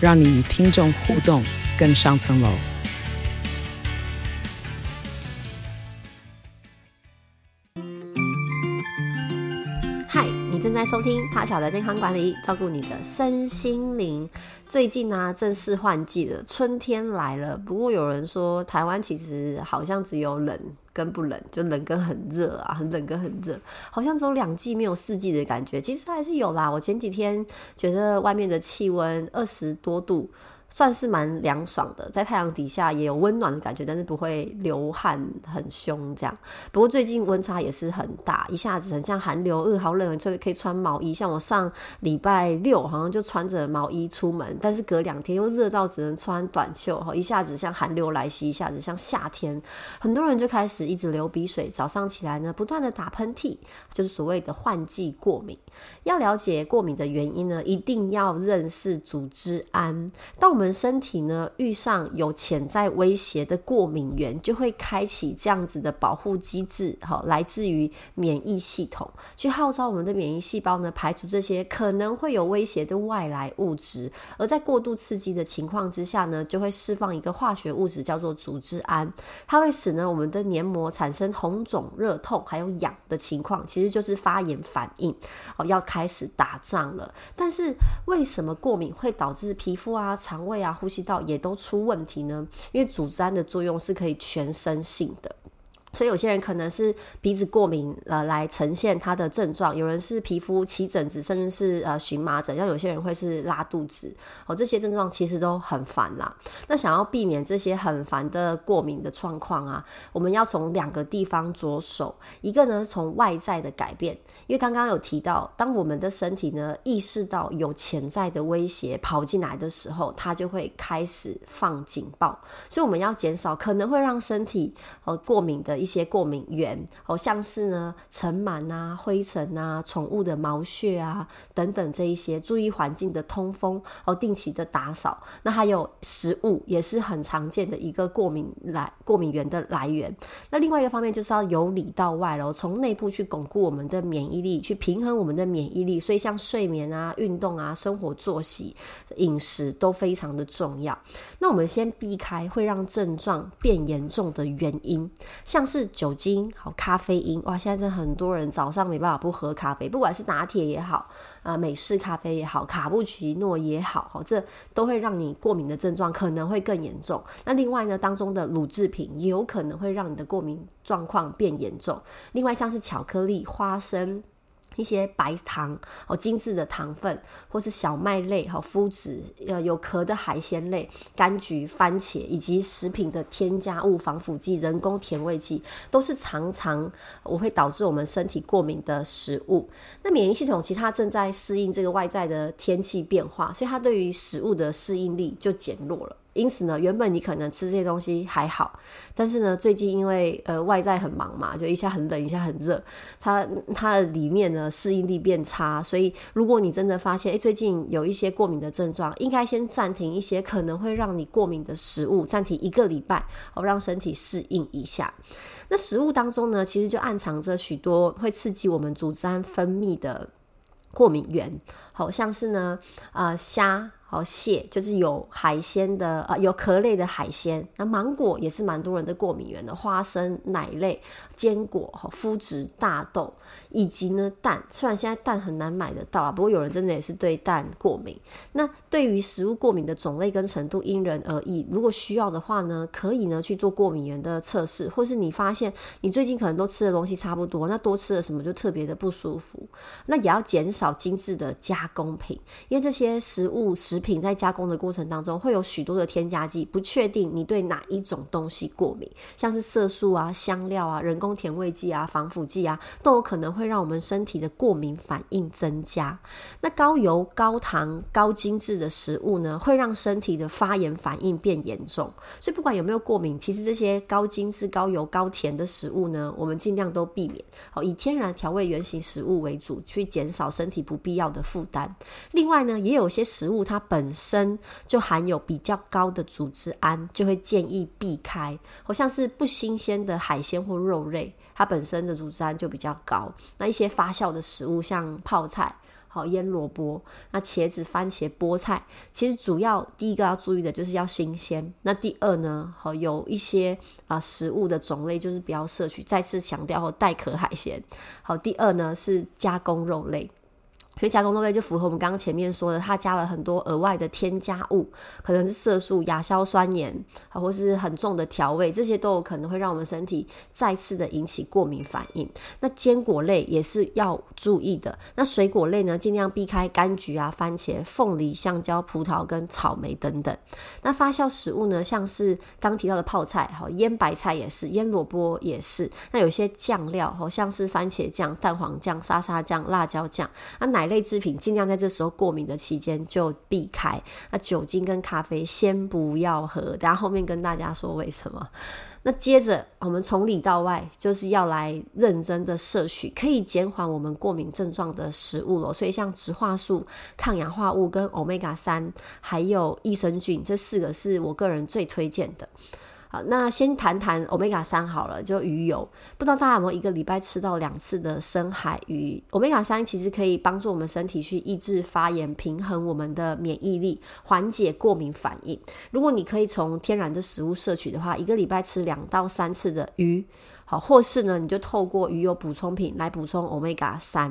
讓你與聽眾互動更上層樓。來收聽 Tasha 的健康管理，照顧你的身心靈。最近呢、啊，正式換季了，春天來了。不過有人說，台灣其實好像只有冷跟不冷，就冷跟很熱啊，很冷跟很熱，好像只有兩季，沒有四季的感覺。其實還是有啦。我前幾天覺得外面的氣溫二十多度。算是蠻涼爽的，在太陽底下也有溫暖的感覺，但是不會流汗很兇這樣。不過最近溫差也是很大，一下子很像寒流日、呃，好冷，所以可以穿毛衣。像我上禮拜六好像就穿着毛衣出門，但是隔兩天又熱到只能穿短袖，一下子像寒流來襲，一下子像夏天。很多人就開始一直流鼻水，早上起來呢不斷的打噴嚏，就是所謂的換季過敏。要了解過敏的原因呢，一定要認識組織胺。當我們我們身體呢遇上有潛在威脅的過敏源，就會開啟這樣子的保護機制，吼，來自於免疫系統，去號召我們的免疫細胞呢排除這些可能會有威脅的外來物質。而在過度刺激的情況之下呢，就會釋放一個化學物質叫做組織胺，它會使呢我們的黏膜產生紅腫、熱痛，還有癢的情況，其實就是發炎反應，哦，要開始打仗了。但是為什麼過敏會導致皮膚啊、腸胃啊，呼吸道也都出問題呢？因為組胺的作用是可以全身性的。所以有些人可能是鼻子過敏，呃，來呈現他的症狀；有人是皮膚起疹子，甚至是呃蕁麻疹，像有些人會是拉肚子。哦，這些症狀其實都很煩啦。那想要避免這些很煩的過敏的狀況啊，我們要從兩個地方着手。一個呢，從外在的改變，因為剛剛有提到，當我們的身體呢意識到有潛在的威脅跑進來的時候，它就會開始放警報。所以我們要減少可能會讓身體呃過敏的。一些過敏源哦，像是呢塵蟎啊、灰塵啊、寵物的毛屑啊等等這一些。注意環境的通風哦，定期的打掃。那還有食物也是很常見的一個過敏來過敏源的來源。那另外一個方面就是要由裡到外，從內部去鞏固我們的免疫力，去平衡我們的免疫力。所以像睡眠啊、運動啊、生活作息、飲食都非常的重要。那我們先避開會讓症狀變嚴重的原因，像是是酒精，好，咖啡因，哇！現在很多人早上沒辦法不喝咖啡，不管是拿鐵也好，啊、呃，美式咖啡也好，卡布奇諾也好，這都會讓你過敏的症狀可能會更嚴重。那另外呢，當中的乳製品也有可能會讓你的過敏狀況變嚴重。另外像是巧克力、花生。一些白糖哦，精緻的糖分，或是小麥類哈，麩質，呃，有殼的海鮮類，柑橘、番茄，以及食品的添加物、防腐劑、人工甜味劑，都是常常我會導致我們身體過敏的食物。那免疫系統其實它正在適應這個外在的天氣變化，所以它對於食物的適應力就減弱了。因此呢，原本你可能吃這些東西還好，但是呢，最近因為呃，外在很忙嘛，就一下很冷，一下很熱，它它的裡面呢適應力變差，所以如果你真的發現誒、欸，最近有一些過敏的症狀，應該先暫停一些可能會讓你過敏的食物，暫停一個禮拜，好、哦、讓身體適應一下。那食物當中呢，其實就暗藏着許多會刺激我們組織胺分泌的過敏源，好像是呢啊蝦。呃好，蟹就是有海鮮的，啊、呃，有殼類的海鮮。那芒果也是蠻多人的過敏源的，花生、奶類、堅果、哈、喔、麩質、大豆，以及呢蛋。雖然現在蛋很難買得到啊，不過有人真的也是對蛋過敏。那對於食物過敏的種類跟程度因人而異。如果需要的話呢，可以呢去做過敏源的測試，或是你發現你最近可能都吃的東西差不多，那多吃了什麼就特別的不舒服，那也要減少精致的加工品，因為這些食物食品在加工的過程當中會有許多的添加劑，不確定你對哪一種東西過敏，像是色素啊、香料啊、人工甜味劑啊、防腐劑啊，都有可能會讓我們身體的過敏反應增加。那高油、高糖、高精緻的食物呢，會讓身體的發炎反應變嚴重。所以不管有沒有過敏，其實這些高精緻、高油、高甜的食物呢，我們儘量都避免。好，以天然調味原型食物為主，去減少身體不必要的負擔。另外呢，也有些食物它。本身就含有比較高的組織胺，就會建議避開。好、哦、像是不新鮮的海鮮或肉類，它本身的組織胺就比較高。那一些發酵的食物，像泡菜、好、哦、醃蘿蔔、那茄子、番茄、菠菜，其實主要第一個要注意的就是要新鮮。那第二呢，好、哦、有一些啊食物的種類就是不要攝取。再次強調哦，帶殼海鮮。好，第二呢是加工肉類。所以加工肉類就符合我們剛剛前面說的，它加了很多額外的添加物，可能是色素、亞硝酸鹽，啊，或是很重的調味，這些都有可能會讓我們身體再次的引起過敏反應。那堅果類也是要注意的。那水果類呢，儘量避開柑橘啊、番茄、鳳梨、香蕉、葡萄跟草莓等等。那發酵食物呢，像是剛提到的泡菜，哈，醃白菜也是，醃蘿蔔也是。那有些醬料，好像是番茄醬、蛋黃醬、沙沙醬、辣椒醬，啊，奶。類制品盡量在這時候過敏的期間就避開。那酒精跟咖啡先不要喝，等下後面跟大家說為什麼。那接着我們從裡到外就是要來認真的攝取可以減緩我們過敏症狀的食物咯。所以像植化素、抗氧化物、跟 omega 三，還有益生菌這四個是我個人最推薦的。好，那先談談歐米伽三好了，就魚油。不知道大家有沒有一個禮拜吃到兩次的深海魚？歐米伽三其實可以幫助我們身體去抑制發炎，平衡我們的免疫力，緩解過敏反應。如果你可以從天然的食物攝取的話，一個禮拜吃兩到三次的魚。好，或是呢，你就透過魚油補充品來補充 Omega 3。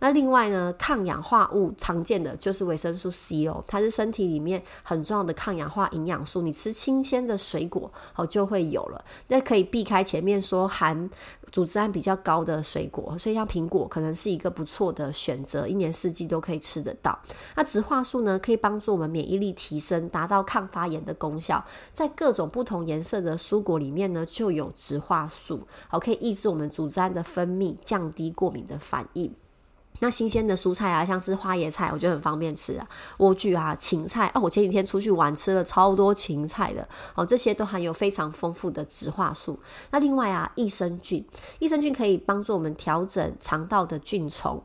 那另外呢，抗氧化物常見的就是維生素 C 哦，它是身體裡面很重要的抗氧化營養素。你吃新鮮的水果，好、哦、就會有了。那可以避開前面說含組織胺比較高的水果，所以像蘋果可能是一個不錯的選擇，一年四季都可以吃得到。那植化素呢，可以幫助我們免疫力提升，達到抗發炎的功效。在各種不同顏色的蔬果裡面呢，就有植化素。好，可以抑制我們組織胺的分泌，降低過敏的反應。那新鮮的蔬菜啊，像是花椰菜，我覺得很方便吃啊。萵苣啊，芹菜哦，我前幾天出去玩吃了超多芹菜的哦，這些都含有非常豐富的植化素。那另外啊，益生菌，益生菌可以幫助我們調整腸道的菌叢。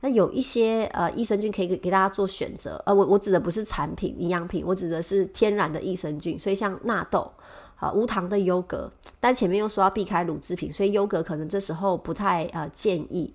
那有一些呃，益生菌可以給給大家做選擇。呃，我我指的不是產品、營養品，我指的是天然的益生菌。所以像納豆。無糖的優格，但前面又說要避開乳製品，所以優格可能這時候不太，呃，建議。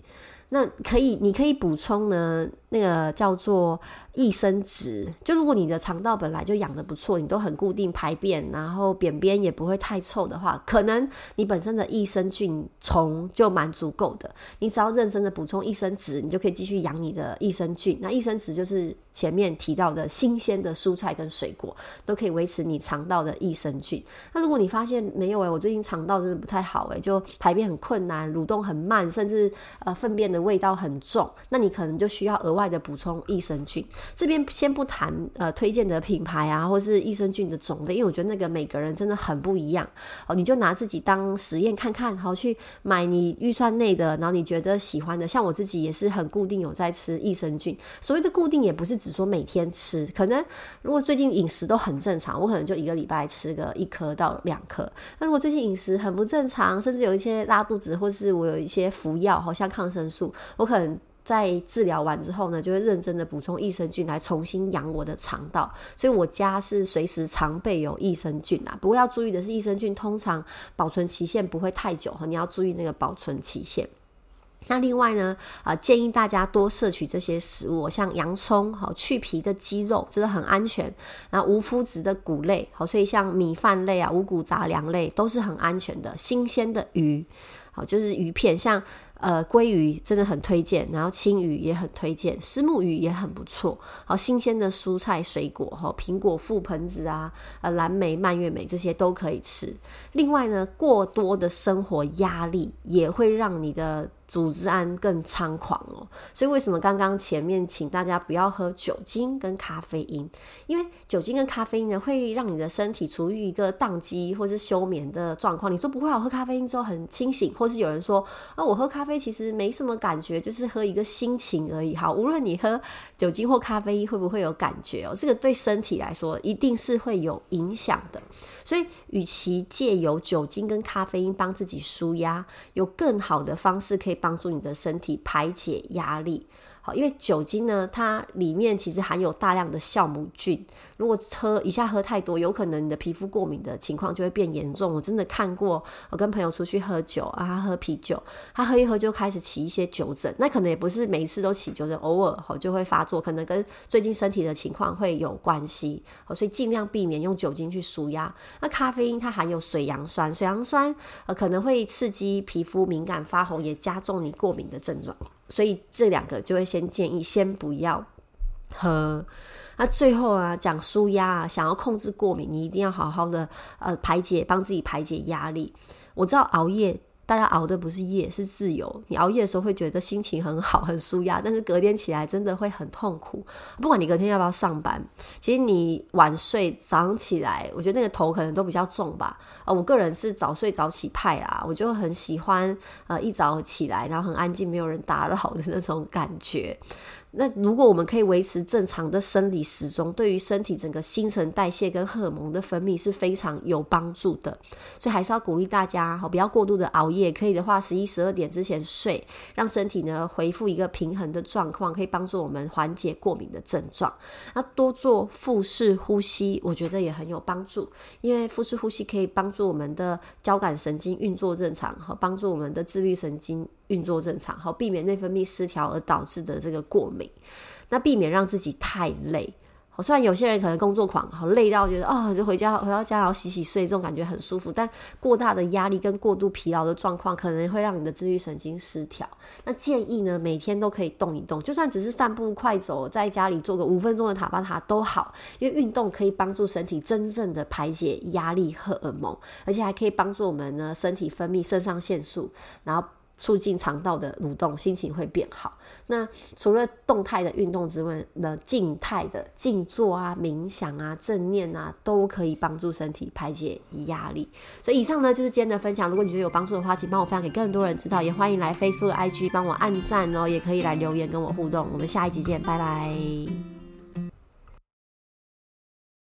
那可以，你可以補充呢？那個叫做益生質。就如果你的腸道本來就養得不錯，你都很固定排便，然後便便也不會太臭的話，可能你本身的益生菌叢就蠻足夠的。你只要認真的補充益生質，你就可以繼續養你的益生菌。那益生質就是前面提到的新鮮的蔬菜跟水果，都可以維持你腸道的益生菌。那如果你發現沒有哎、欸，我最近腸道真的不太好哎、欸，就排便很困難，蠕動很慢，甚至呃糞便的味道很重，那你可能就需要額外。外的補充益生菌，這邊先不談呃推薦的品牌啊，或是益生菌的種類，因為我覺得那個每個人真的很不一樣哦。你就拿自己當實驗看看，好，去買你預算內的，然後你覺得喜歡的。像我自己也是很固定有在吃益生菌，所謂的固定也不是只說每天吃，可能如果最近飲食都很正常，我可能就一個禮拜吃個一顆到兩顆。那如果最近飲食很不正常，甚至有一些拉肚子，或是我有一些服藥，好像抗生素，我可能。在治療完之後呢，就會認真的補充益生菌來重新養我的腸道，所以我家是隨時常備有益生菌啦。不過要注意的是，益生菌通常保存期限不會太久哈，你要注意那個保存期限。那另外呢，啊，建議大家多攝取這些食物，像洋蔥好、啊，去皮的雞肉真的很安全，那無麩質的穀類好、啊，所以像米飯類啊、五穀雜糧類都是很安全的。新鮮的魚好、啊，就是魚片，像。呃，鮭魚真的很推薦，然後青魚也很推薦，虱目魚也很不錯。好，新鮮的蔬菜水果，哈、哦，蘋果、覆盆子啊，呃，藍莓、蔓越莓這些都可以吃。另外呢，過多的生活壓力也會讓你的組織胺更猖狂哦。所以為什麼剛剛前面請大家不要喝酒精跟咖啡因？因為酒精跟咖啡因呢，會讓你的身體處於一個宕機或是休眠的狀況。你說不會，我喝咖啡因之後很清醒，或是有人說啊，我喝咖。咖啡其實沒什麼感覺，就是喝一個心情而已。哈，無論你喝酒精或咖啡，會不會有感覺哦、喔？這個對身體來說，一定是會有影響的。所以，與其借由酒精跟咖啡因幫自己舒壓，有更好的方式可以幫助你的身體排解壓力。好，因為酒精呢，它裡面其實含有大量的酵母菌，如果喝一下喝太多，有可能你的皮膚過敏的情況就會變嚴重。我真的看過，我跟朋友出去喝酒啊，他喝啤酒，他喝一喝就開始起一些酒疹，那可能也不是每一次都起酒疹，偶爾好就會發作，可能跟最近身體的情況會有關係。好，所以儘量避免用酒精去舒壓。那咖啡因它含有水楊酸，水楊酸呃可能會刺激皮膚敏感發紅，也加重你過敏的症狀，所以這兩個就會先建議先不要喝。那、啊、最後啊講舒壓啊，想要控制過敏，你一定要好好的呃排解，幫自己排解壓力。我知道熬夜。大家熬的不是夜，是自由。你熬夜的時候會覺得心情很好、很舒壓，但是隔天起來真的會很痛苦。不管你隔天要不要上班，其實你晚睡、早上起來，我覺得那個頭可能都比較重吧。啊、呃，我個人是早睡早起派啦，我就很喜歡啊、呃，一早起來然後很安靜、沒有人打擾的那種感覺。那如果我們可以維持正常的生理時鐘，對於身體整個新陳代謝跟荷爾蒙的分泌是非常有幫助的。所以還是要鼓勵大家哈、哦，不要過度的熬夜，可以的話十一十二點之前睡，讓身體呢恢復一個平衡的狀況，可以幫助我們緩解過敏的症狀。那多做腹式呼吸，我覺得也很有幫助，因為腹式呼吸可以幫助我們的交感神經運作正常，和、哦、幫助我們的自律神經。運作正常，好避免，內分泌失調而導致的這個過敏。那避免讓自己太累。好，雖然有些人可能工作狂，好累到覺得哦，就回家回到家然後洗洗睡，這種感覺很舒服。但過大的壓力跟過度疲勞的狀況，可能會讓你的自律神經失調。那建議呢，每天都可以動一動，就算只是散步、快走，在家裡做個五分鐘的塔巴塔都好，因為運動可以幫助身體真正的排解壓力荷爾蒙，而且還可以幫助我們呢身體分泌腎上腺素，然後。促進腸道的蠕動，心情會變好。那除了動態的運動之外呢，靜態的靜坐啊、冥想啊、正念啊，都可以幫助身體排解壓力。所以以上呢就是今天的分享。如果你覺得有幫助的話，請幫我分享給更多人知道，也歡迎來 Facebook、IG 幫我按讚哦、喔，也可以來留言跟我互動。我們下一集見，拜拜。